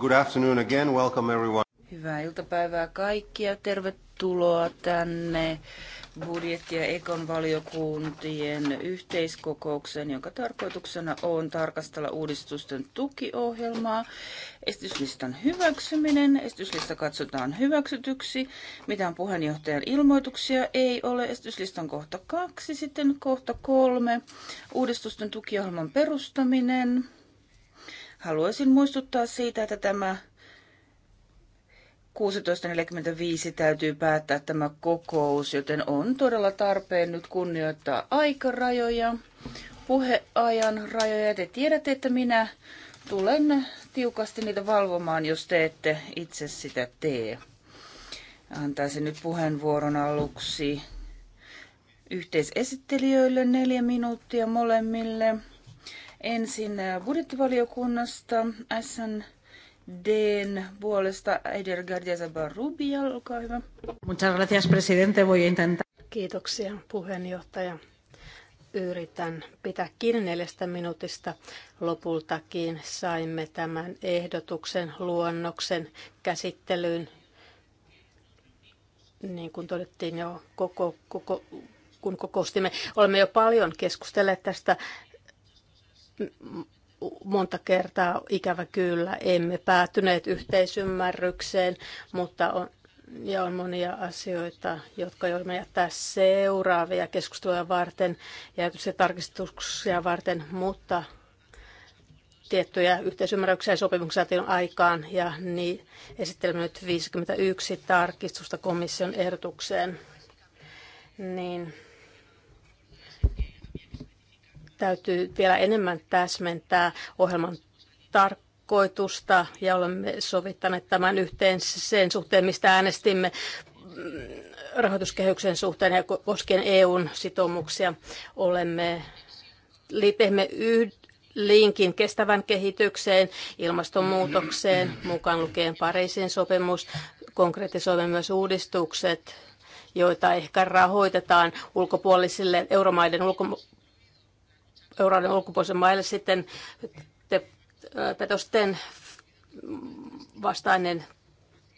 good afternoon again. Welcome everyone. Hyvää iltapäivää kaikkia. Tervetuloa tänne budjetti- ja ekon valiokuntien yhteiskokoukseen, jonka tarkoituksena on tarkastella uudistusten tukiohjelmaa. Esityslistan hyväksyminen. Esityslista katsotaan hyväksytyksi. Mitään puheenjohtajan ilmoituksia ei ole. Esityslistan kohta kaksi, sitten kohta kolme. Uudistusten tukiohjelman perustaminen. Haluaisin muistuttaa siitä, että tämä 16.45 täytyy päättää tämä kokous, joten on todella tarpeen nyt kunnioittaa aikarajoja, puheajan rajoja. Te tiedätte, että minä tulen tiukasti niitä valvomaan, jos te ette itse sitä tee. Antaisin nyt puheenvuoron aluksi yhteisesittelijöille neljä minuuttia molemmille ensin äh, budjettivaliokunnasta SNDn puolesta Eider Gardiasa Barrubia, olkaa hyvä. Muchas gracias, presidente. Voy intentar. Kiitoksia, puheenjohtaja. Yritän pitää kiinni neljästä minuutista. Lopultakin saimme tämän ehdotuksen luonnoksen käsittelyyn niin kuin todettiin jo koko, koko kun kokoustimme, olemme jo paljon keskustelleet tästä monta kertaa ikävä kyllä emme päätyneet yhteisymmärrykseen, mutta on, ja on monia asioita, jotka joudumme jättää seuraavia keskusteluja varten ja tarkistuksia varten, mutta tiettyjä yhteisymmärryksiä ja sopimuksia on aikaan ja niin esittelemme nyt 51 tarkistusta komission ehdotukseen. Niin täytyy vielä enemmän täsmentää ohjelman tarkoitusta ja olemme sovittaneet tämän yhteen sen suhteen, mistä äänestimme rahoituskehyksen suhteen ja koskien EUn sitoumuksia. Olemme, liitemme yhden linkin kestävän kehitykseen, ilmastonmuutokseen, mukaan lukien Pariisin sopimus, konkretisoimme myös uudistukset, joita ehkä rahoitetaan ulkopuolisille euromaiden ulko- euroalueen ulkopuolisen maille sitten te, petosten äh, vastainen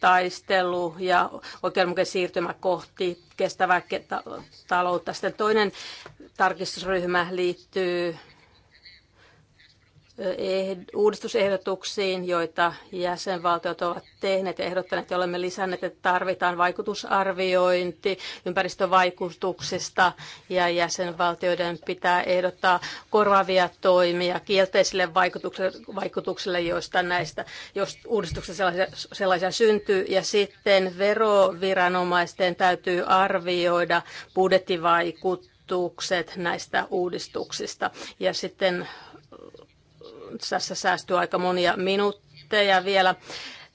taistelu ja oikeudenmukainen siirtymä kohti kestävää taloutta. Sitten toinen tarkistusryhmä liittyy Eh, uudistusehdotuksiin, joita jäsenvaltiot ovat tehneet ja ehdottaneet, ja olemme lisänneet, että tarvitaan vaikutusarviointi ympäristövaikutuksista, ja jäsenvaltioiden pitää ehdottaa korvaavia toimia kielteisille vaikutuksille, joista näistä, jos uudistuksessa sellaisia, sellaisia syntyy, ja sitten veroviranomaisten täytyy arvioida budjettivaikutukset näistä uudistuksista, ja sitten tässä säästyy aika monia minuutteja vielä.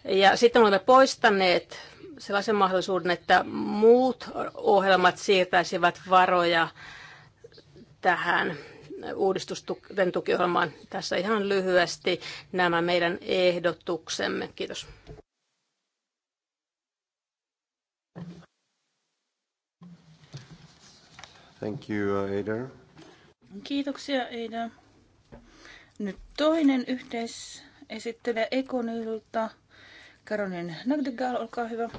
Ja sitten olemme poistaneet sellaisen mahdollisuuden, että muut ohjelmat siirtäisivät varoja tähän uudistusten tukiohjelmaan. Tässä ihan lyhyesti nämä meidän ehdotuksemme. Kiitos. Thank you, Ada. Kiitoksia, Ada. Nyt toinen yhteisesittelijä Ekonilta. Karonin Nagdegal, olkaa hyvä.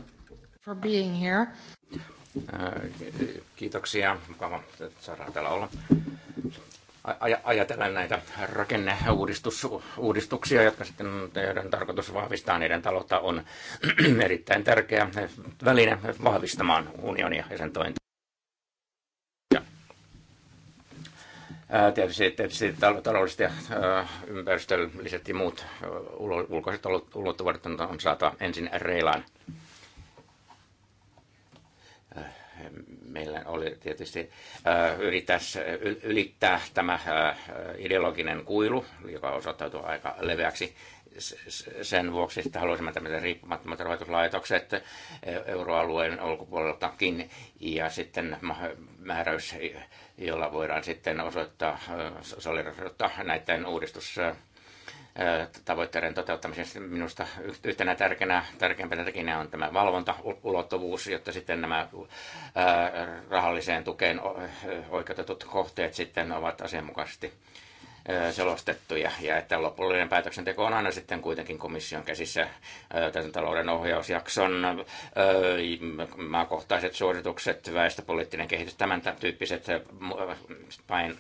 For being here. Äh, kiitoksia. Mukava saadaan täällä olla. Aj- ajatellaan näitä rakenneuudistuksia, jotka sitten teidän tarkoitus vahvistaa niiden taloutta, on erittäin tärkeä väline vahvistamaan unionia ja sen tointa. Tietysti, tietysti taloudelliset ja ympäristölliset ja muut ulkoiset ulottuvuudet on saatava ensin reilaan. Meillä oli tietysti yrittäisi ylittää tämä ideologinen kuilu, joka osoittautui aika leveäksi sen vuoksi sitten haluaisimme tämmöisen riippumattomat rahoituslaitokset e, euroalueen ulkopuoleltakin ja sitten määräys, jolla voidaan sitten osoittaa solidarisuutta näiden uudistus tavoitteiden toteuttamisessa minusta yhtenä tärkeänä, tärkeimpänä tekijänä on tämä valvontaulottuvuus, jotta sitten nämä rahalliseen tukeen oikeutetut kohteet sitten ovat asianmukaisesti selostettuja ja että lopullinen päätöksenteko on aina sitten kuitenkin komission käsissä tämän talouden ohjausjakson maakohtaiset suositukset, väestöpoliittinen kehitys, tämän tyyppiset pain,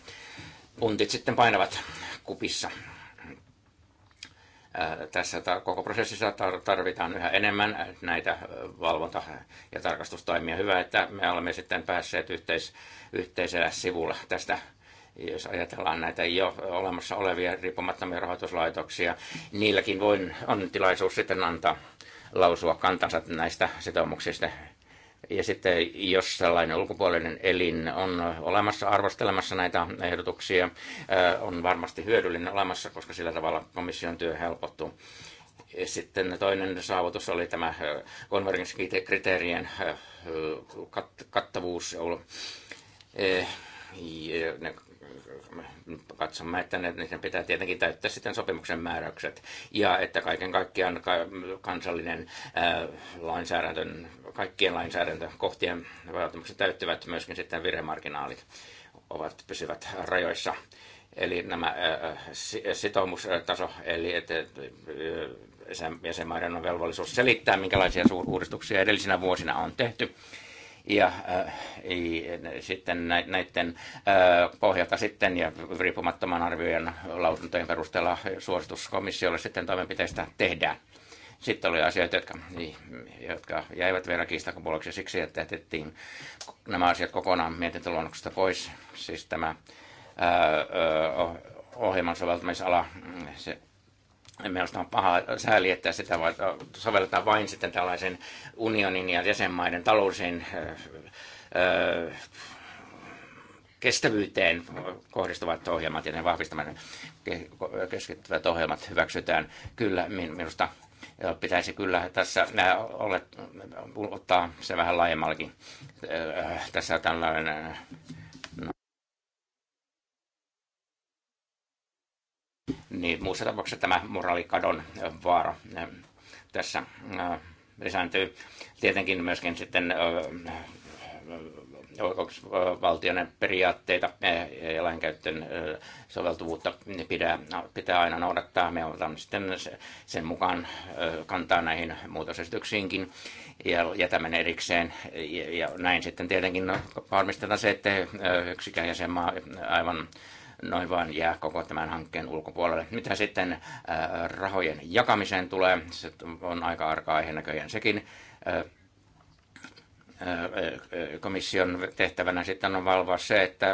puntit sitten painavat kupissa. Tässä koko prosessissa tarvitaan yhä enemmän näitä valvonta- ja tarkastustoimia. Hyvä, että me olemme sitten päässeet yhteis- yhteisellä sivulla tästä jos ajatellaan näitä jo olemassa olevia riippumattomia rahoituslaitoksia, niilläkin voin, on tilaisuus sitten antaa lausua kantansa näistä sitoumuksista. Ja sitten jos sellainen ulkopuolinen elin on olemassa arvostelemassa näitä ehdotuksia, on varmasti hyödyllinen olemassa, koska sillä tavalla komission työ helpottuu. Sitten toinen saavutus oli tämä konvergenssikriteerien kattavuus, ne katsomme, että ne, niiden pitää tietenkin täyttää sitten sopimuksen määräykset. Ja että kaiken kaikkiaan kansallinen ää, äh, lainsäädäntö, kaikkien lainsäädäntökohtien vaatimukset täyttävät myöskin sitten viremarginaalit ovat pysyvät rajoissa. Eli nämä äh, äh, sitoumustaso, eli että jäsenmaiden on velvollisuus selittää, minkälaisia uudistuksia edellisinä vuosina on tehty ja äh, sitten näiden äh, pohjalta sitten ja riippumattoman arvioijan lausuntojen perusteella suosituskomissiolle sitten toimenpiteistä tehdään. Sitten oli asioita, jotka, niin, jotka jäivät vielä kiistakopuoleksi siksi, että jätettiin nämä asiat kokonaan mietintöluonnoksesta pois. Siis tämä äh, ohjelman soveltamisala, se Minusta on paha sääli, että sitä sovelletaan vain sitten tällaisen unionin ja jäsenmaiden talousin kestävyyteen kohdistuvat ohjelmat ja ne vahvistaminen keskittyvät ohjelmat hyväksytään. Kyllä minusta pitäisi kyllä tässä olla, ottaa se vähän laajemmallakin. Tässä tällainen niin muussa tapauksessa tämä moraalikadon vaara tässä lisääntyy. Tietenkin myöskin sitten valtioiden periaatteita ja lainkäyttöön soveltuvuutta pitää, pitää aina noudattaa. Me otan sitten sen mukaan kantaa näihin muutosesityksiinkin ja jätämme erikseen. Ja näin sitten tietenkin no, varmistetaan se, että yksikään jäsenmaa aivan noin vaan jää koko tämän hankkeen ulkopuolelle. Mitä sitten äh, rahojen jakamiseen tulee, se on aika arka aihe näköjään sekin. Äh, äh, komission tehtävänä sitten on valvoa se, että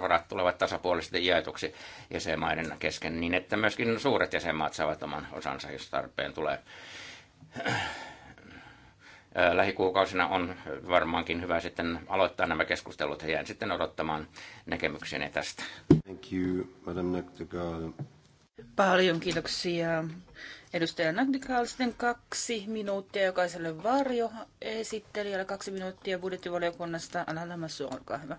varat tulevat tasapuolisesti jaetuksi jäsenmaiden kesken, niin että myöskin suuret jäsenmaat saavat oman osansa, jos tarpeen tulee lähikuukausina on varmaankin hyvä sitten aloittaa nämä keskustelut. Jään sitten odottamaan näkemyksiäni tästä. Thank you, Madame Paljon kiitoksia. Edustaja Nagdikal sitten kaksi minuuttia jokaiselle varjo esittelijälle kaksi minuuttia budjettivaliokunnasta. Anna Lamassu, olkaa hyvä.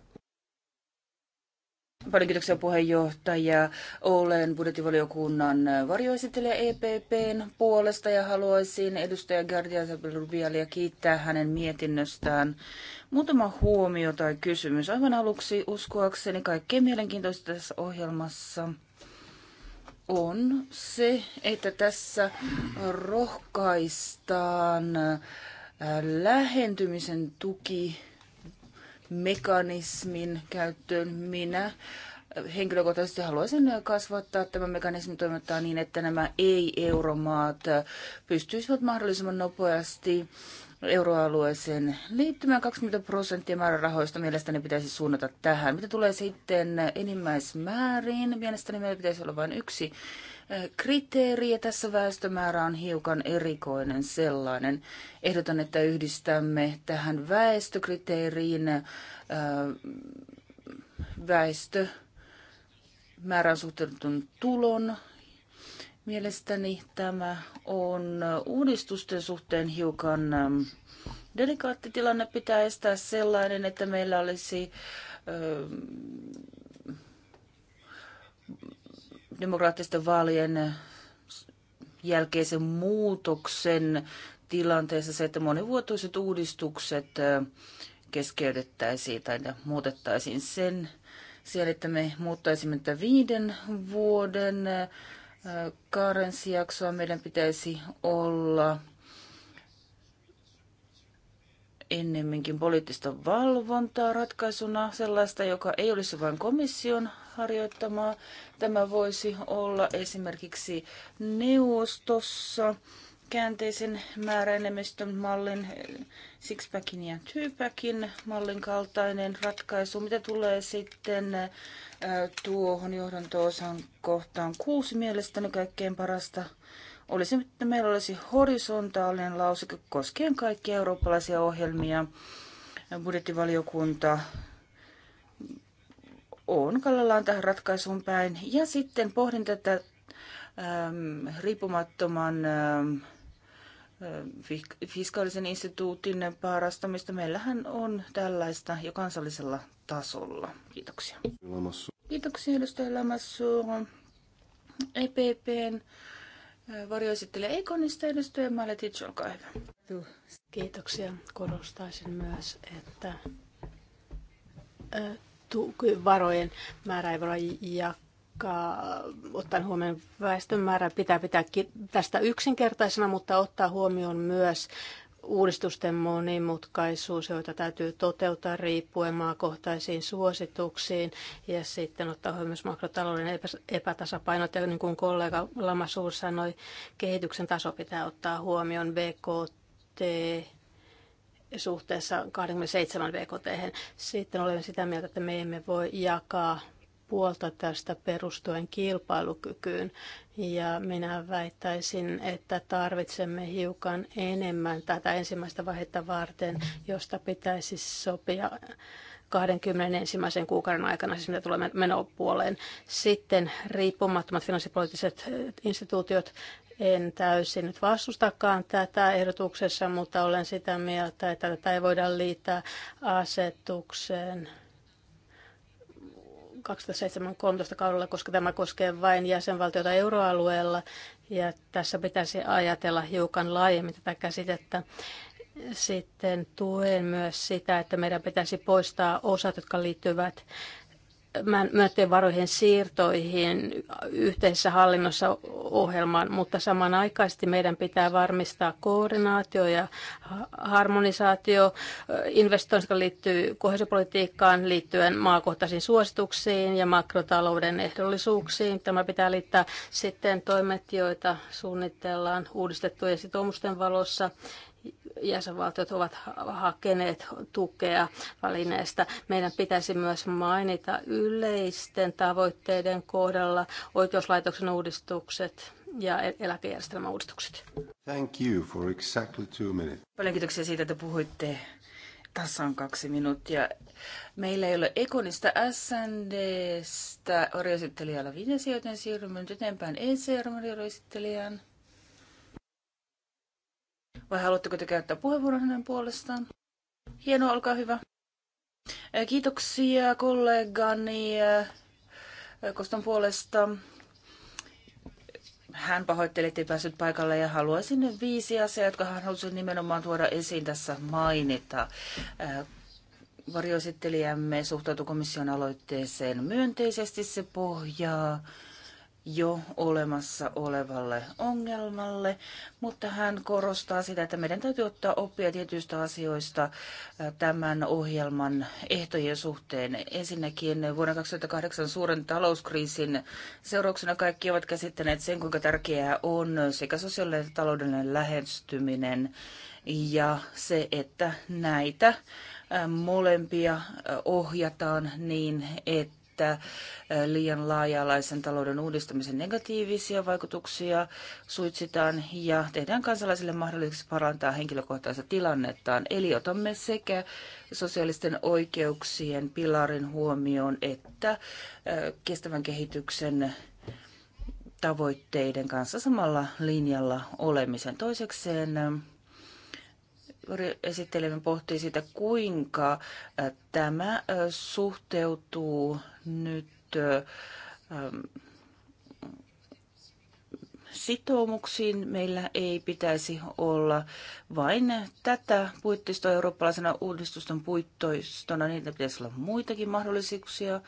Paljon kiitoksia puheenjohtaja. Olen budjettivaliokunnan varjoesittelijä EPPn puolesta ja haluaisin edustaja Gardia Rubialia kiittää hänen mietinnöstään. Muutama huomio tai kysymys. Aivan aluksi uskoakseni kaikkein mielenkiintoista tässä ohjelmassa on se, että tässä rohkaistaan äh, lähentymisen tuki mekanismin käyttöön. Minä henkilökohtaisesti haluaisin kasvattaa tämän mekanismin toimintaa niin, että nämä ei-euromaat pystyisivät mahdollisimman nopeasti euroalueeseen liittymään. 20 prosenttia määrärahoista mielestäni pitäisi suunnata tähän. Mitä tulee sitten enimmäismääriin, mielestäni meillä pitäisi olla vain yksi kriteeri ja tässä väestömäärä on hiukan erikoinen sellainen. Ehdotan, että yhdistämme tähän väestökriteeriin äh, väestö määrän suhteutetun tulon. Mielestäni tämä on uudistusten suhteen hiukan ähm, delikaatti tilanne. Pitää estää sellainen, että meillä olisi äh, demokraattisten vaalien jälkeisen muutoksen tilanteessa se, että monivuotoiset uudistukset keskeytettäisiin tai muutettaisiin sen sijaan, että me muuttaisimme tätä viiden vuoden karenssijaksoa. Meidän pitäisi olla ennemminkin poliittista valvontaa ratkaisuna, sellaista, joka ei olisi vain komission harjoittamaa. Tämä voisi olla esimerkiksi neuvostossa käänteisen määräenemmistön mallin, sixpackin ja twopackin mallin kaltainen ratkaisu. Mitä tulee sitten äh, tuohon johdanto kohtaan kuusi mielestäni kaikkein parasta olisi, että meillä olisi horisontaalinen lauseke koskien kaikkia eurooppalaisia ohjelmia. Budjettivaliokunta on kallellaan tähän ratkaisuun päin. Ja sitten pohdin tätä äm, riippumattoman äm, äh, fiskaalisen instituutin parastamista. Meillähän on tällaista jo kansallisella tasolla. Kiitoksia. Lamassu. Kiitoksia edustaja Lamassu. EPPn varjoesittelijä Ekonista edustaja Maletic, olkaa hyvä. Kiitoksia. Korostaisin myös, että varojen määrä ei voi jakaa, ottaen huomioon väestön määrä pitää pitää tästä yksinkertaisena, mutta ottaa huomioon myös uudistusten monimutkaisuus, joita täytyy toteuttaa riippuen maakohtaisiin suosituksiin ja sitten ottaa huomioon myös makrotalouden epätasapainot. Ja niin kuin kollega Lamasuus sanoi, kehityksen taso pitää ottaa huomioon BKT suhteessa 27 BKT. Sitten olemme sitä mieltä, että me emme voi jakaa puolta tästä perustuen kilpailukykyyn. Ja minä väittäisin, että tarvitsemme hiukan enemmän tätä ensimmäistä vaihetta varten, josta pitäisi sopia 21. kuukauden aikana, siis mitä tulee menopuoleen. Sitten riippumattomat finanssipoliittiset instituutiot, en täysin nyt vastustakaan tätä ehdotuksessa, mutta olen sitä mieltä, että tätä ei voida liittää asetukseen 2007-2013 kaudella, koska tämä koskee vain jäsenvaltiota euroalueella. Ja tässä pitäisi ajatella hiukan laajemmin tätä käsitettä. Sitten tuen myös sitä, että meidän pitäisi poistaa osat, jotka liittyvät myönteen varojen siirtoihin yhteisessä hallinnossa ohjelmaan, mutta samanaikaisesti meidän pitää varmistaa koordinaatio ja harmonisaatio investoinnista, liittyy kohesiopolitiikkaan liittyen maakohtaisiin suosituksiin ja makrotalouden ehdollisuuksiin. Tämä pitää liittää sitten toimet, joita suunnitellaan uudistettujen sitoumusten valossa jäsenvaltiot ovat hakeneet tukea välineestä. Meidän pitäisi myös mainita yleisten tavoitteiden kohdalla oikeuslaitoksen uudistukset ja eläkejärjestelmän uudistukset. Thank you for exactly two minutes. Paljon kiitoksia siitä, että puhuitte tasan kaksi minuuttia. Meillä ei ole Ekonista SNDstä varjoesittelijällä viiden joten siirrymme nyt eteenpäin ECR-varjoesittelijään. Vai haluatteko te käyttää puheenvuoron hänen puolestaan? Hienoa, olkaa hyvä. Kiitoksia kollegani Koston puolesta. Hän pahoitteli, ettei päässyt paikalle ja haluaisin viisi asiaa, jotka hän halusi nimenomaan tuoda esiin tässä mainita. Varjoesittelijämme suhtautui komission aloitteeseen myönteisesti. Se pohjaa jo olemassa olevalle ongelmalle, mutta hän korostaa sitä, että meidän täytyy ottaa oppia tietyistä asioista tämän ohjelman ehtojen suhteen. Ensinnäkin vuonna 2008 suuren talouskriisin seurauksena kaikki ovat käsittäneet sen, kuinka tärkeää on sekä sosiaalinen että taloudellinen lähestyminen ja se, että näitä molempia ohjataan niin, että että äh, liian laaja-alaisen talouden uudistamisen negatiivisia vaikutuksia suitsitaan ja tehdään kansalaisille mahdolliseksi parantaa henkilökohtaista tilannettaan. Eli otamme sekä sosiaalisten oikeuksien pilarin huomioon että äh, kestävän kehityksen tavoitteiden kanssa samalla linjalla olemisen. Toisekseen äh, Esittelemme pohtii sitä, kuinka tämä suhteutuu nyt sitoumuksiin. Meillä ei pitäisi olla vain tätä puittistoa eurooppalaisena uudistusten puittoistona, niitä pitäisi olla muitakin mahdollisuuksia.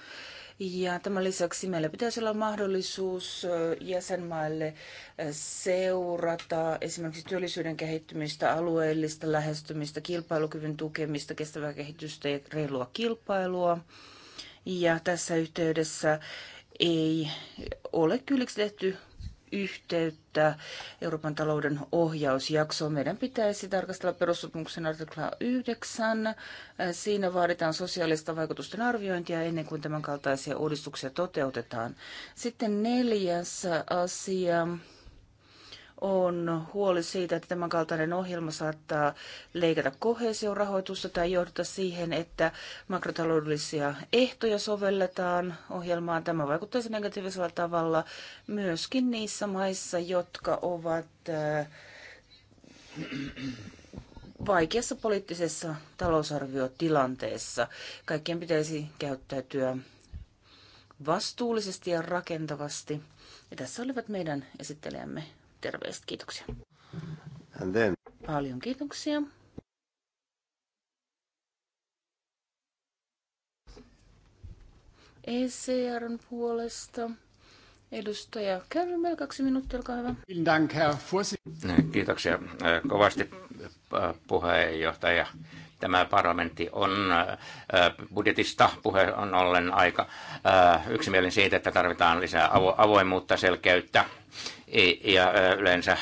Ja tämän lisäksi meillä pitäisi olla mahdollisuus jäsenmaille seurata esimerkiksi työllisyyden kehittymistä, alueellista lähestymistä, kilpailukyvyn tukemista, kestävää kehitystä ja reilua kilpailua. Ja tässä yhteydessä ei ole kylliksi tehty yhteyttä Euroopan talouden ohjausjaksoon. Meidän pitäisi tarkastella perussopimuksen artikla 9. Äh, Siinä vaaditaan sosiaalista vaikutusten arviointia ennen kuin tämän kaltaisia uudistuksia toteutetaan. Sitten neljäs asia on huoli siitä, että tämän kaltainen ohjelma saattaa leikata rahoitusta tai johdata siihen, että makrotaloudellisia ehtoja sovelletaan ohjelmaan. Tämä vaikuttaisi negatiivisella tavalla myöskin niissä maissa, jotka ovat äh, vaikeassa poliittisessa talousarviotilanteessa. Kaikkien pitäisi käyttäytyä vastuullisesti ja rakentavasti. Ja tässä olivat meidän esittelijämme terveiset. Kiitoksia. And then. Paljon kiitoksia. ECRn puolesta. Edustaja Kärmel, kaksi minuuttia, olkaa hyvä. Kiitoksia äh, kovasti äh, puheenjohtaja. Tämä parlamentti on äh, budjetista puhe on ollen aika yksimielinen siitä, että tarvitaan lisää avoimuutta, selkeyttä ja yleensä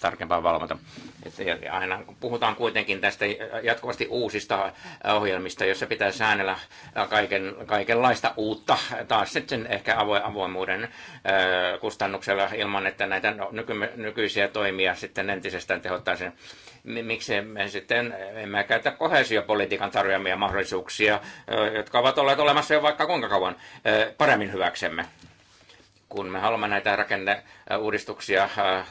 tarkempaa valvota. Että aina puhutaan kuitenkin tästä jatkuvasti uusista ohjelmista, jossa pitää säännellä kaiken, kaikenlaista uutta, taas sitten ehkä avoimuuden kustannuksella ilman, että näitä no, nyky, nykyisiä toimia sitten entisestään tehottaisiin. Miksi me sitten emme käytä kohesiopolitiikan tarjoamia mahdollisuuksia, jotka ovat olleet olemassa jo vaikka kuinka kauan paremmin hyväksemme? kun me haluamme näitä rakenneuudistuksia äh, äh,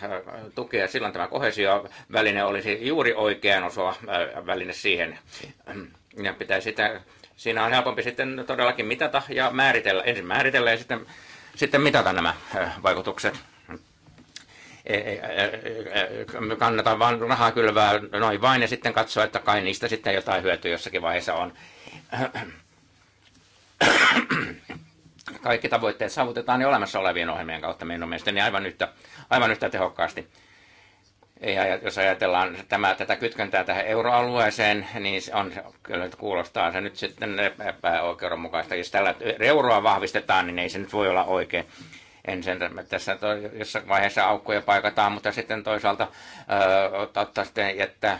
tukea, silloin tämä kohesioväline olisi juuri oikean osuva äh, väline siihen. Ja pitää sitä, siinä on helpompi sitten todellakin mitata ja määritellä, ensin määritellä ja sitten, sitten mitata nämä vaikutukset. Kannata vain rahaa kylvää noin vain ja sitten katsoa, että kai niistä sitten jotain hyötyä jossakin vaiheessa on kaikki tavoitteet saavutetaan jo niin olemassa olevien ohjelmien kautta minun mielestäni niin aivan yhtä, aivan yhtä tehokkaasti. Ja jos ajatellaan tämä, tätä kytköntää tähän euroalueeseen, niin se on, kyllä kuulostaa se nyt sitten epäoikeudenmukaista. Jos tällä euroa vahvistetaan, niin ei se nyt voi olla oikein. En sen, tässä to, jossain vaiheessa aukkoja paikataan, mutta sitten toisaalta ö, sitten että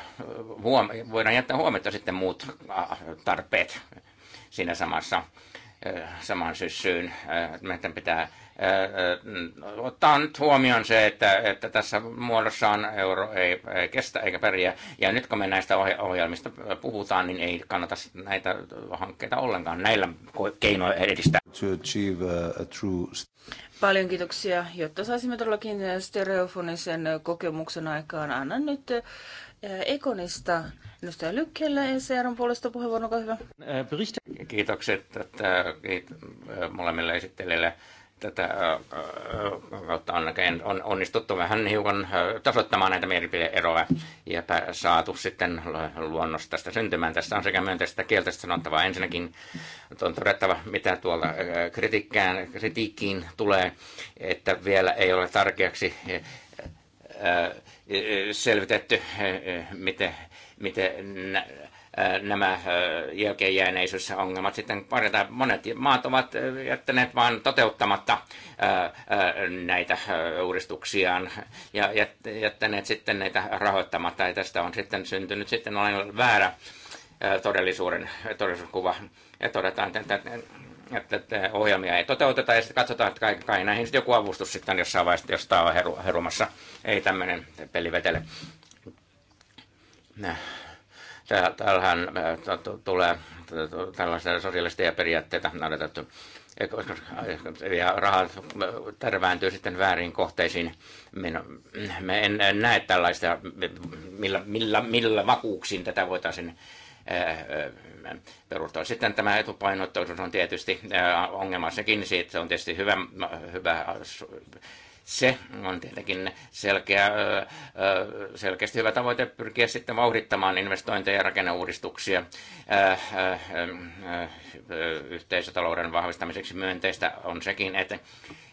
huom, voidaan jättää huomiota sitten muut tarpeet siinä samassa samaan syssyyn. Meidän pitää ottaa nyt huomioon se, että, että tässä muodossaan euro ei, kestä eikä pärjää. Ja nyt kun me näistä ohjelmista puhutaan, niin ei kannata näitä hankkeita ollenkaan näillä keinoilla edistää. To achieve a true... Paljon kiitoksia, jotta saisimme todellakin stereofonisen kokemuksen aikaan. Annan nyt Ekonista edustaja Lykkelle ECRn puolesta puheenvuoron, hyvä. Kiitokset että, äh, äh, molemmille esittelijöille tätä kautta on, on onnistuttu vähän hiukan tasoittamaan näitä mielipideeroja ja saatu sitten luonnosta tästä syntymään. Tästä on sekä myönteistä että kielteistä sanottavaa. Ensinnäkin on todettava, mitä tuolla kritiikkään, kritiikkiin tulee, että vielä ei ole tarkeaksi selvitetty, miten, miten nämä ongelmat, sitten korjataan. Monet maat ovat jättäneet vain toteuttamatta näitä uudistuksiaan ja jättäneet sitten näitä rahoittamatta. Ja tästä on sitten syntynyt sitten olen väärä todellisuuden, todellisuuskuva. Ja todetaan, että, että, että ohjelmia ei toteuteta ja sitten katsotaan, että kai, kai näihin sitten joku avustus sitten jossain vaiheessa, jos tämä on herumassa. Ei tämmöinen peli vetele. Näh. Täällähän tulee tällaisia sosiaalisia periaatteita noudatettu ja rahat tärvääntyy sitten väärin kohteisiin. Me en näe tällaista, millä, millä, millä vakuuksiin tätä voitaisiin perustaa. Sitten tämä etupainottoisuus on tietysti ongelma sekin, siitä on tietysti hyvä, hyvä se on tietenkin selkeä, selkeästi hyvä tavoite pyrkiä sitten vauhdittamaan investointeja ja rakenneuudistuksia yhteisötalouden vahvistamiseksi. Myönteistä on sekin, että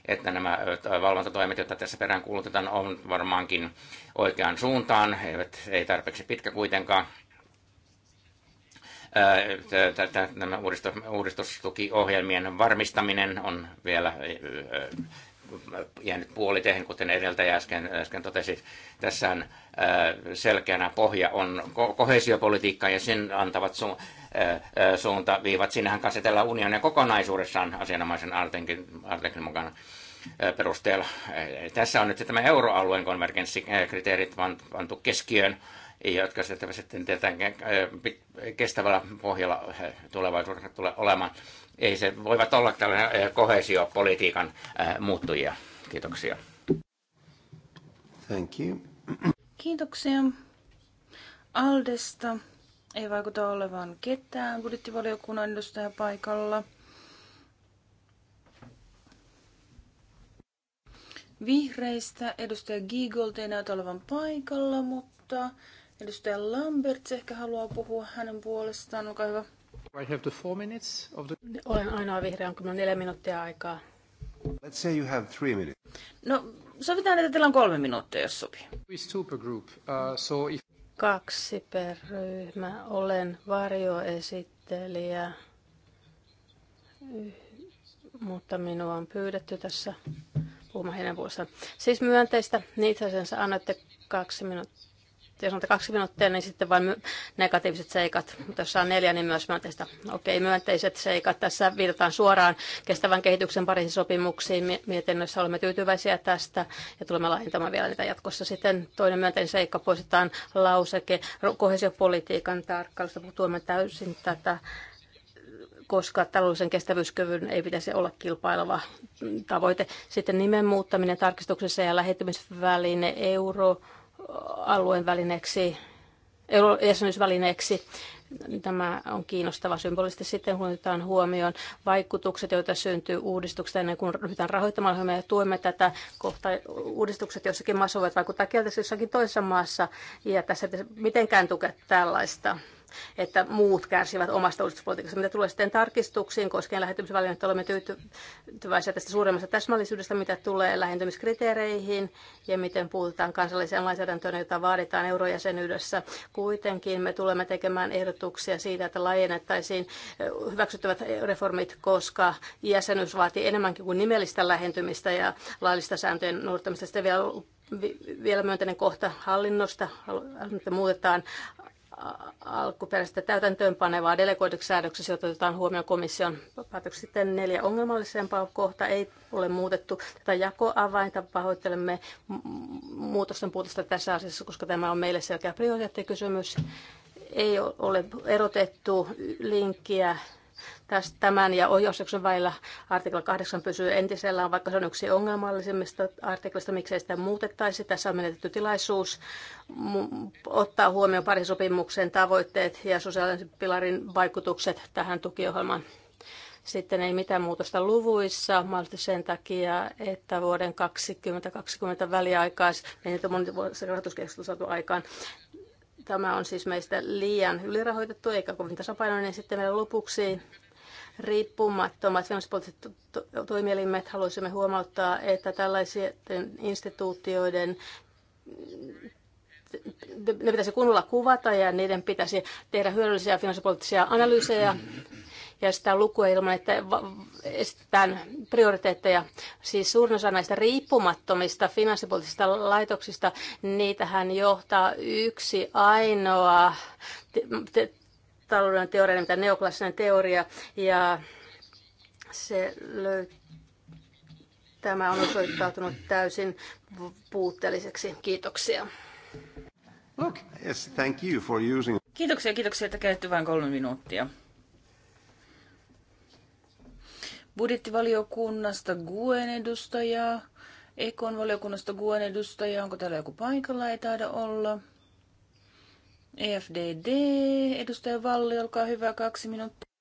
että nämä valvontatoimet, joita tässä perään kuulutetaan, on varmaankin oikeaan suuntaan, eivät, ei tarpeeksi pitkä kuitenkaan. Tämä uudistustukiohjelmien varmistaminen on vielä jäänyt tehen kuten edeltäjä äsken, äsken totesi. on äh, selkeänä pohja on kohesiopolitiikka ja sen antavat su, äh, äh, suuntaviivat. Siinähän käsitellään unionia kokonaisuudessaan asianomaisen artikkelin artiklin mukana perusteella. Tässä on nyt tämä euroalueen konvergenssikriteerit pantu keskiöön jotka sitten tietenkään kestävällä pohjalla tulevaisuudessa tulee olemaan. Ei se voivat olla tällainen kohesiopolitiikan muuttujia. Kiitoksia. Thank you. Kiitoksia. Aldesta ei vaikuta olevan ketään budjettivaliokunnan edustaja paikalla. Vihreistä edustaja Giegold ei näytä olevan paikalla, mutta Edustaja Lambert ehkä haluaa puhua hänen puolestaan. Olkaa hyvä. I have the four minutes of the... Olen ainoa vihreä, onko minulla neljä minuuttia aikaa. Let's say you have three minutes. No, sovitaan, että teillä on kolme minuuttia, jos sopii. Uh, so if... Kaksi per ryhmä. Olen varjoesittelijä, mutta minua on pyydetty tässä puhumaan heidän puolestaan. Siis myönteistä, niitä sen annoitte kaksi minuuttia jos on kaksi minuuttia, niin sitten vain negatiiviset seikat. Mutta jos on neljä, niin myös myönteistä. Okei, myönteiset seikat. Tässä viitataan suoraan kestävän kehityksen parin sopimuksiin. Mietinnössä olemme tyytyväisiä tästä ja tulemme laajentamaan vielä niitä jatkossa. Sitten toinen myönteinen seikka poistetaan lauseke kohesiopolitiikan tarkkailusta. tuomme täysin tätä koska taloudellisen kestävyyskyvyn ei pitäisi olla kilpaileva tavoite. Sitten nimen muuttaminen tarkistuksessa ja lähettymisväline euro alueen välineeksi, jäsenyysvälineeksi. Tämä on kiinnostava symbolisesti sitten, kun otetaan huomioon vaikutukset, joita syntyy uudistuksesta ennen kuin ryhdytään rahoittamaan ohjelmia ja tuemme tätä kohta. Uudistukset jossakin maassa voivat vaikuttaa kielteisesti jossakin toisessa maassa ja tässä ei mitenkään tukea tällaista että muut kärsivät omasta uudistuspolitiikasta. Mitä tulee sitten tarkistuksiin koskien että olemme tyytyväisiä tästä suuremmasta täsmällisyydestä, mitä tulee lähentymiskriteereihin ja miten puututaan kansalliseen lainsäädäntöön, jota vaaditaan eurojäsenyydessä. Kuitenkin me tulemme tekemään ehdotuksia siitä, että laajennettaisiin hyväksyttävät reformit, koska jäsenyys vaatii enemmänkin kuin nimellistä lähentymistä ja laillista sääntöjen noudattamista. Sitten vielä vielä myönteinen kohta hallinnosta, että muutetaan alkuperäistä täytäntöönpanevaa delegoiduksi säädöksessä, jota otetaan huomioon komission päätöksessä. Sitten neljä ongelmallisempaa kohta ei ole muutettu. Tätä jakoavainta pahoittelemme muutosten puutosta tässä asiassa, koska tämä on meille selkeä prioriteettikysymys. Ei ole erotettu linkkiä tästä tämän ja ohjausjakson välillä artikla 8 pysyy entisellään, vaikka se on yksi ongelmallisimmista artiklista, miksei sitä muutettaisi. Tässä on menetetty tilaisuus ottaa huomioon parisopimuksen tavoitteet ja sosiaalisen pilarin vaikutukset tähän tukiohjelmaan. Sitten ei mitään muutosta luvuissa, mahdollisesti sen takia, että vuoden 2020 väliaikais, niin että monivuotisen rahoituskeskustelu saatu aikaan Tämä on siis meistä liian ylirahoitettu eikä kovin tasapainoinen. Sitten meillä lopuksi riippumattomat finanssipoliittiset toimielimet haluaisimme huomauttaa, että tällaisten instituutioiden ne pitäisi kunnolla kuvata ja niiden pitäisi tehdä hyödyllisiä finanssipoliittisia analyysejä ja sitä lukua ilman, että esitetään prioriteetteja. Siis suurin osa näistä riippumattomista finanssipoliittisista laitoksista, niitähän johtaa yksi ainoa talouden teoria, mitä neoklassinen teoria, ja se löytyy Tämä on osoittautunut täysin puutteelliseksi. Kiitoksia. Look, yes, thank you for using... Kiitoksia, kiitoksia, että käytti vain kolme minuuttia. budjettivaliokunnasta Guen edustajaa, Ekon valiokunnasta Guen edustajaa. Onko täällä joku paikalla? Ei taida olla. EFDD, edustaja Valli, olkaa hyvä, kaksi minuuttia.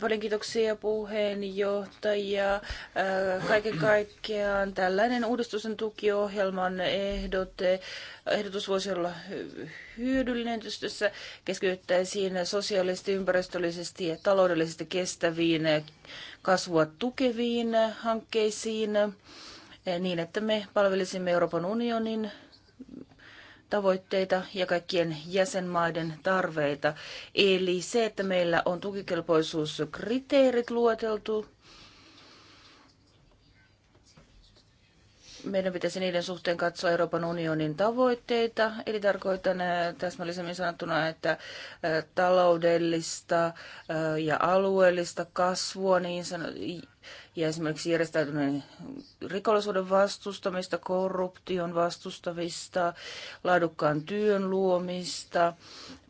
Paljon kiitoksia puheenjohtaja. Äh, kaiken kaikkiaan tällainen uudistuksen tukiohjelman ehdot, ehdotus voisi olla hyödyllinen, jos tässä keskityttäisiin sosiaalisesti, ympäristöllisesti ja taloudellisesti kestäviin kasvua tukeviin hankkeisiin eh, niin, että me palvelisimme Euroopan unionin tavoitteita ja kaikkien jäsenmaiden tarveita. Eli se, että meillä on tukikelpoisuuskriteerit lueteltu meidän pitäisi niiden suhteen katsoa Euroopan unionin tavoitteita, eli tarkoitan äh, täsmällisemmin sanottuna, että äh, taloudellista äh, ja alueellista kasvua niin ja esimerkiksi järjestäytyneen rikollisuuden vastustamista, korruption vastustamista, laadukkaan työn luomista,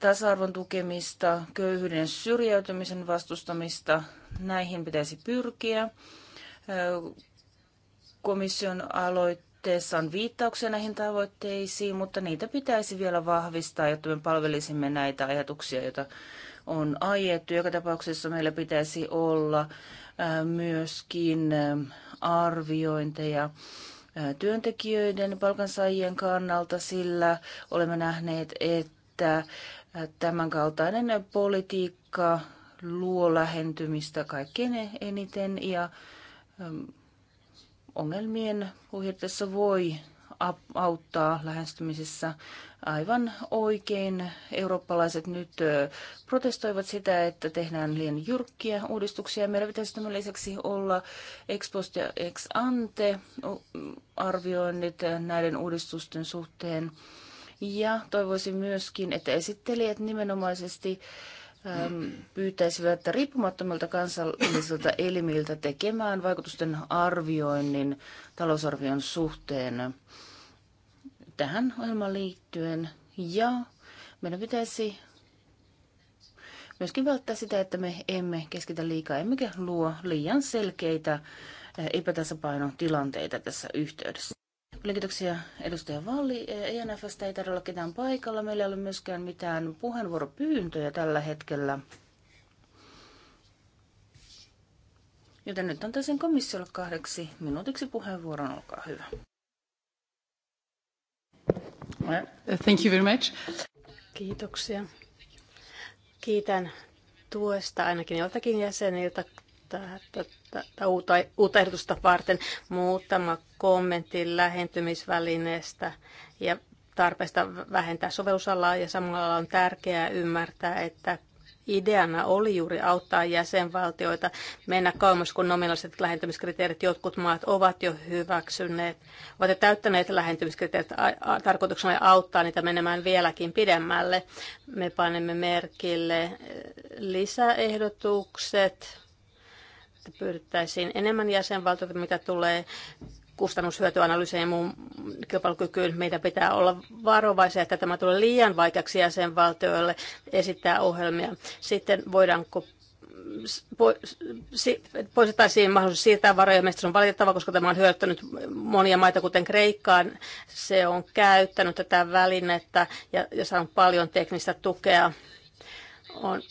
tasa-arvon tukemista, köyhyyden syrjäytymisen vastustamista. Näihin pitäisi pyrkiä komission aloitteessa on viittauksia näihin tavoitteisiin, mutta niitä pitäisi vielä vahvistaa, jotta me palvelisimme näitä ajatuksia, joita on ajettu. Joka tapauksessa meillä pitäisi olla myöskin arviointeja työntekijöiden ja palkansaajien kannalta, sillä olemme nähneet, että tämänkaltainen politiikka luo lähentymistä kaikkein eniten ja ongelmien puhjetessa voi auttaa lähestymisessä. Aivan oikein eurooppalaiset nyt protestoivat sitä, että tehdään liian jyrkkiä uudistuksia. Meillä pitäisi tämän lisäksi olla ex post ja ex ante arvioinnit näiden uudistusten suhteen. Ja toivoisin myöskin, että esittelijät nimenomaisesti Ähm, pyytäisivät riippumattomilta kansallisilta elimiltä tekemään vaikutusten arvioinnin talousarvion suhteen tähän ohjelmaan liittyen. Ja meidän pitäisi myöskin välttää sitä, että me emme keskitä liikaa, emmekä luo liian selkeitä epätasapainotilanteita tässä yhteydessä. Paljon kiitoksia edustaja Valli. ENFstä ei tarvitse ketään paikalla. Meillä ei ole myöskään mitään puheenvuoropyyntöjä tällä hetkellä. Joten nyt antaisin komissiolle kahdeksi minuutiksi puheenvuoron. Olkaa hyvä. Thank you very much. Kiitoksia. Kiitän tuesta ainakin joltakin jäseniltä tätä, uutta ehdotusta varten. Muutama kommentin lähentymisvälineestä ja tarpeesta vähentää sovellusalaa ja samalla on tärkeää ymmärtää, että ideana oli juuri auttaa jäsenvaltioita mennä kauemmas kuin nominaaliset lähentymiskriteerit. Jotkut maat ovat jo hyväksyneet, ovat jo täyttäneet lähentymiskriteerit tarkoituksena auttaa niitä menemään vieläkin pidemmälle. Me panemme merkille eh, lisäehdotukset, että pyydettäisiin enemmän jäsenvaltioita, mitä tulee kustannushyötyanalyyseen ja muun kilpailukykyyn. Meitä pitää olla varovaisia, että tämä tulee liian vaikeaksi jäsenvaltioille esittää ohjelmia. Sitten voidaanko poistettaisiin mahdollisuus siirtää varoja. Meistä se on valitettava, koska tämä on hyödyttänyt monia maita, kuten Kreikkaan. Se on käyttänyt tätä välinettä ja, ja saanut paljon teknistä tukea. On,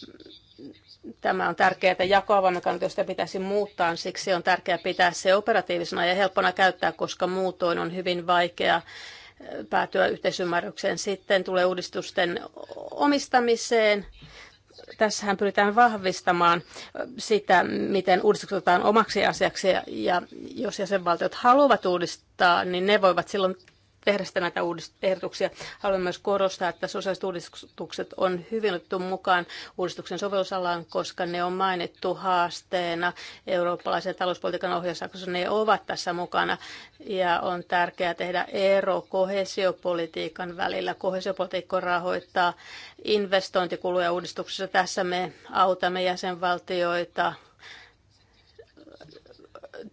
Tämä on tärkeää jakoavaimen kannalta, josta pitäisi muuttaa. Niin siksi on tärkeää pitää se operatiivisena ja helppona käyttää, koska muutoin on hyvin vaikea äh, päätyä yhteisymmärrykseen. Sitten tulee uudistusten omistamiseen. Tässähän pyritään vahvistamaan sitä, miten uudistukset otetaan omaksi asiaksi, ja jos jäsenvaltiot haluavat uudistaa, niin ne voivat silloin tehdä sitä näitä ehdotuksia. Haluan myös korostaa, että sosiaaliset uudistukset on hyvin otettu mukaan uudistuksen sovellusalaan, koska ne on mainittu haasteena eurooppalaisen talouspolitiikan ohjassa, koska ne ovat tässä mukana. Ja on tärkeää tehdä ero kohesiopolitiikan välillä. Kohesiopolitiikka rahoittaa investointikuluja uudistuksessa. Tässä me autamme jäsenvaltioita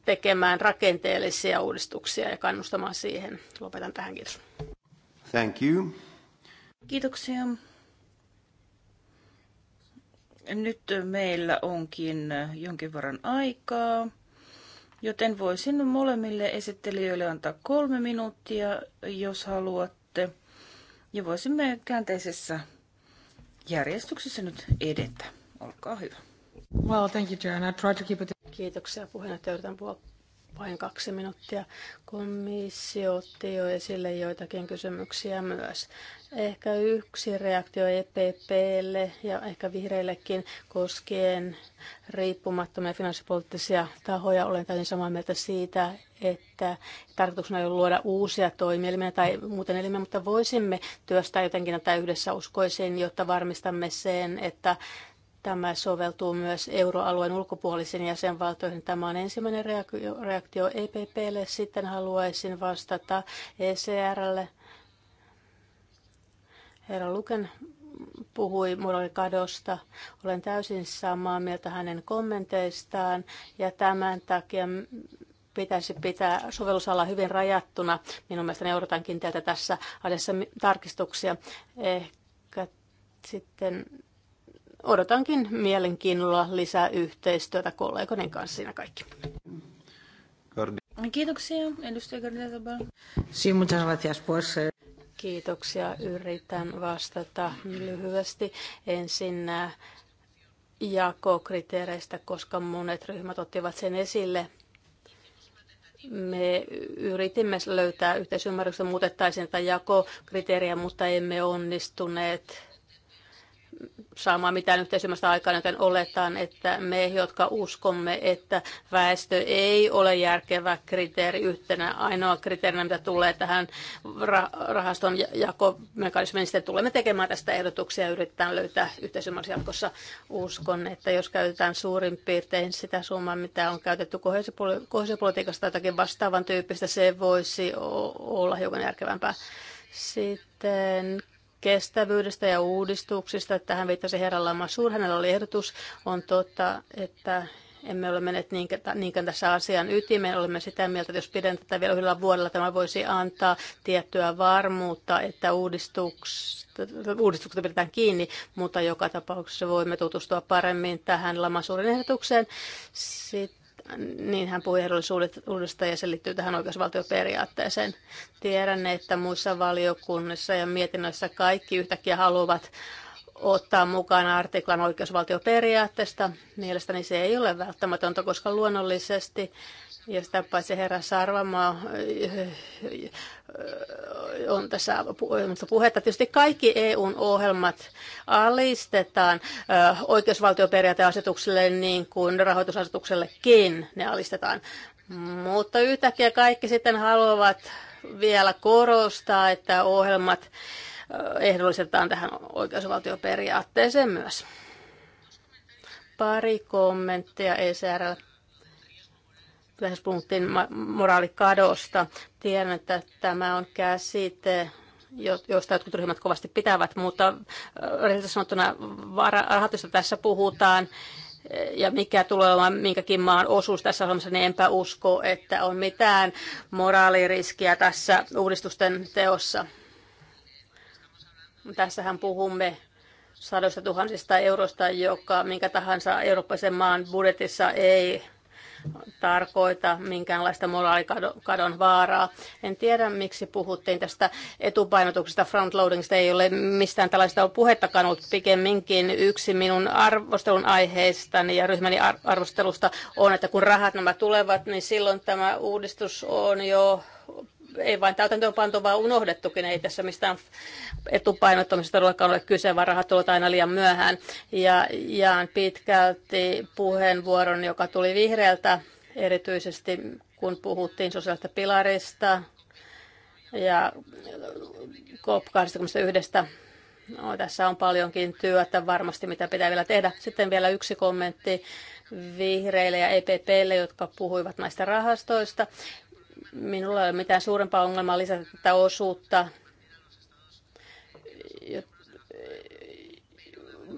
tekemään rakenteellisia uudistuksia ja kannustamaan siihen. Lopetan tähän, kiitos. Thank you. Kiitoksia. Nyt meillä onkin jonkin verran aikaa, joten voisin molemmille esittelijöille antaa kolme minuuttia, jos haluatte. Ja voisimme käänteisessä järjestyksessä nyt edetä. Olkaa hyvä. Well, thank you, Jan. I tried to keep it Kiitoksia puheenjohtaja. Yritän puhua vain kaksi minuuttia. Komissio otti jo esille joitakin kysymyksiä myös. Ehkä yksi reaktio EPPlle ja ehkä vihreillekin koskien riippumattomia finanssipoliittisia tahoja. Olen täysin samaa mieltä siitä, että tarkoituksena ei ole luoda uusia toimielimiä tai muuten elimiä, mutta voisimme työstää jotenkin tätä yhdessä uskoisin, jotta varmistamme sen, että Tämä soveltuu myös euroalueen ulkopuolisiin jäsenvaltioihin. Tämä on ensimmäinen reaktio EPPlle. E sitten haluaisin vastata ECRlle. Herra Luken puhui moraalikadosta. Olen täysin samaa mieltä hänen kommenteistaan ja tämän takia pitäisi pitää sovellusala hyvin rajattuna. Minun mielestäni odotankin teiltä tässä asiassa tarkistuksia. Ehkä sitten odotankin mielenkiinnolla lisää yhteistyötä kollegoiden kanssa siinä kaikki. Kiitoksia, edustaja Gardiazabal. Sí, muchas gracias, pues. Eh, Kiitoksia. Yritän vastata lyhyesti ensin eh, jakokriteereistä, koska monet ryhmät ottivat sen esille. Me yritimme löytää yhteisymmärryksen, muutettaisiin tätä jakokriteeriä, mutta emme onnistuneet saamaan mitään yhteisymmärrystä aikaan, joten oletaan, että me, jotka uskomme, että väestö ei ole järkevä kriteeri yhtenä ainoa kriteerinä, mitä tulee tähän rahaston jakomekanismiin, niin sitten tulemme tekemään tästä ehdotuksia ja yritetään löytää yhteisymmärrys jatkossa. Uskon, että jos käytetään suurin piirtein sitä summaa, mitä on käytetty kohdallisuuspolitiikasta tai jotakin vastaavan tyyppistä, se voisi olla hiukan järkevämpää. Sitten kestävyydestä ja uudistuksista. Tähän viittasi herra Lamassur, hänellä oli ehdotus. On totta, että emme ole menneet niinkään tässä asian ytimeen. Olemme sitä mieltä, että jos pidän tätä vielä yhdellä vuodella, tämä voisi antaa tiettyä varmuutta, että uudistukset pidetään kiinni, mutta joka tapauksessa voimme tutustua paremmin tähän lamasuurin ehdotukseen. Sitten niin hän puhui ehdollisuudesta ja se liittyy tähän oikeusvaltioperiaatteeseen. Tiedän, että muissa valiokunnissa ja mietinnöissä kaikki yhtäkkiä haluavat ottaa mukaan artiklan oikeusvaltioperiaatteesta. Mielestäni se ei ole välttämätöntä, koska luonnollisesti jos sitä se herra Sarvamaa eh, on tässä puhetta. Tietysti kaikki EUn ohjelmat alistetaan eh, oikeusvaltioperiaateasetukselle niin kuin rahoitusasetuksellekin ne alistetaan. Mutta yhtäkkiä kaikki sitten haluavat vielä korostaa, että ohjelmat eh, ehdollistetaan tähän oikeusvaltioperiaatteeseen myös. Pari kommenttia ECRL tässä puhuttiin moraalikadosta. Tiedän, että tämä on käsite, josta jotkut ryhmät kovasti pitävät, mutta rehellisesti sanottuna rahoitusta tässä puhutaan ja mikä tulee olemaan minkäkin maan osuus tässä ohjelmassa, niin enpä usko, että on mitään moraaliriskiä tässä uudistusten teossa. Tässähän puhumme sadoista tuhansista eurosta, joka minkä tahansa eurooppalaisen maan budjetissa ei tarkoita minkäänlaista moraalikadon vaaraa. En tiedä, miksi puhuttiin tästä etupainotuksesta, frontloadingista. Ei ole mistään tällaista puhettakaan ollut pikemminkin. Yksi minun arvostelun aiheistani ja ryhmäni arvostelusta on, että kun rahat nämä tulevat, niin silloin tämä uudistus on jo ei vain täytäntöön pantu, vaan unohdettukin. Ei tässä mistään etupainottamisesta todellakaan ole kyse, vaan rahat tulevat aina liian myöhään. Ja jaan pitkälti puheenvuoron, joka tuli vihreältä, erityisesti kun puhuttiin sosiaalista pilarista ja COP21 No, tässä on paljonkin työtä varmasti, mitä pitää vielä tehdä. Sitten vielä yksi kommentti vihreille ja EPPlle, jotka puhuivat näistä rahastoista. Minulla ei ole mitään suurempaa ongelmaa lisätä tätä osuutta.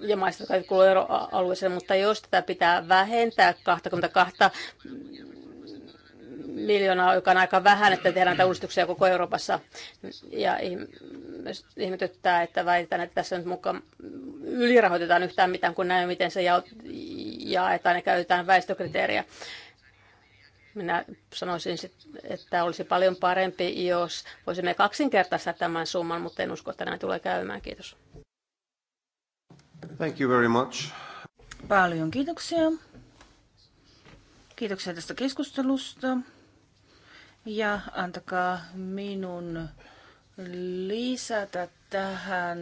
ja maista, jotka kuuluvat euroalueeseen, mutta jos tätä pitää vähentää 22 miljoonaa, joka on aika vähän, että tehdään näitä uudistuksia koko Euroopassa. Ja ihmetyttää, että väitetään, että tässä nyt mukaan ylirahoitetaan yhtään mitään, kun näin, miten se jaetaan ja käytetään väestökriteeriä. Minä sanoisin, että olisi paljon parempi, jos voisimme kaksinkertaistaa tämän summan, mutta en usko, että näin tulee käymään. Kiitos. Thank you very much. Paljon kiitoksia. Kiitoksia tästä keskustelusta. Ja antakaa minun lisätä tähän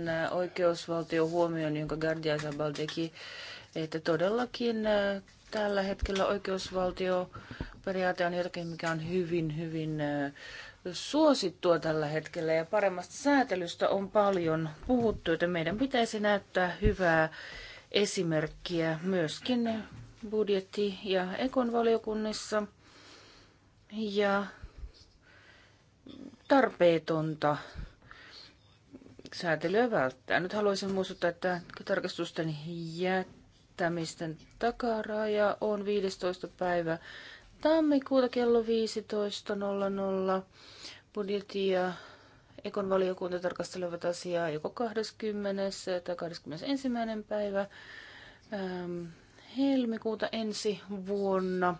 huomioon, jonka Gardia Zabal teki, että todellakin äh, tällä hetkellä oikeusvaltio periaate on jotakin, mikä on hyvin, hyvin suosittua tällä hetkellä ja paremmasta säätelystä on paljon puhuttu, että meidän pitäisi näyttää hyvää esimerkkiä myöskin budjetti- ja ekon valiokunnissa. Ja tarpeetonta säätelyä välttää. Nyt haluaisin muistuttaa, että tarkastusten jättämisten takaraja on 15. päivä tammikuuta kello 15.00 budjetti ja Ekon valiokunta tarkastelevat asiaa joko 20. tai 21. päivä ähm, helmikuuta ensi vuonna.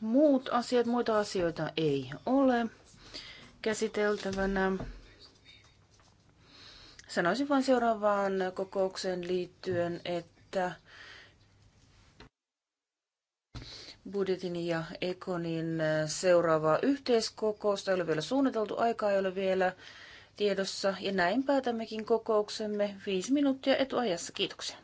Muut asiat, muita asioita ei ole käsiteltävänä. Sanoisin vain seuraavaan kokoukseen liittyen, että budjetin ja Ekonin yhteiskokous. Tämä Ei ole vielä suunniteltu, aikaa ei ole vielä tiedossa. Ja näin päätämmekin kokouksemme viisi minuuttia etuajassa. Kiitoksia.